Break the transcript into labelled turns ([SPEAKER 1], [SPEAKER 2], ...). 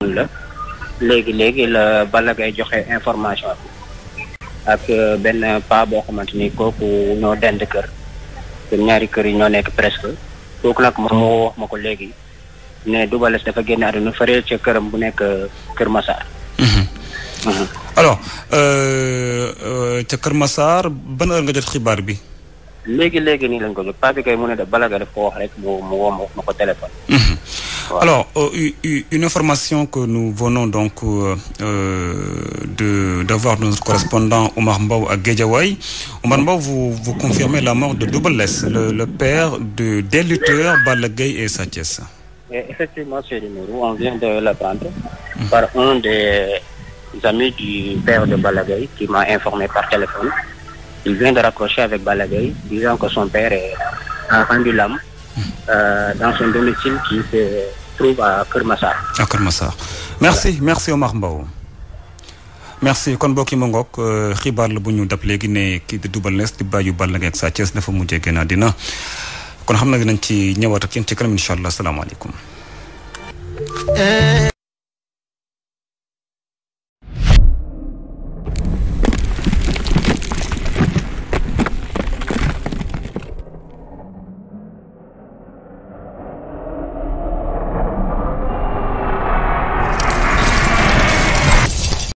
[SPEAKER 1] la léegi léegi la Balla Gaye joxe information bi ak euh, benn paa boo xamante ni kooku ñoo dend kër ñaari kër yi ñoo nekk presque kooku nag moom moo wax ma ko léegi ne Double Less dafa génn àdduna faree ca këram bu nekk euh, Kër Massar. Mhm.
[SPEAKER 2] Mhm. alors euh, ca Kër Massar ban heure nga jot xibaar bi.
[SPEAKER 1] léegi léegi nii lañ ko jot paa bi kay mu ne bala Gaye daf ko wax rek mu wax ma ko téléphone. Mhm. Alors, euh,
[SPEAKER 2] une information donc euh, euh, d'avoir notre correspondant Omar Mbaw à Guédiawaye. Omar Mbaw, vous, confirmez la mort de Double Less, le, père de, des lutteurs et Sa Effectivement, on
[SPEAKER 1] vient de l'apprendre par un des amis du père de Balla qui m'a informé par téléphone. Il vient de raccrocher avec Balla disant que son père est rendu l'âme Euh, dans son domicile qui se trouve à Kër Massar.
[SPEAKER 2] merci merci Omar Mbow. merci kon mbokk yi ma ngoog euh, xibaar la bu ñu dab léegi ne kii di Double Less di bàyyu Balla Gaye ak Sa Thiès dafa mujjee gën a dina kon xam na nañ ci ñëwaat ak ci kanam incha allah salaamaaleykum.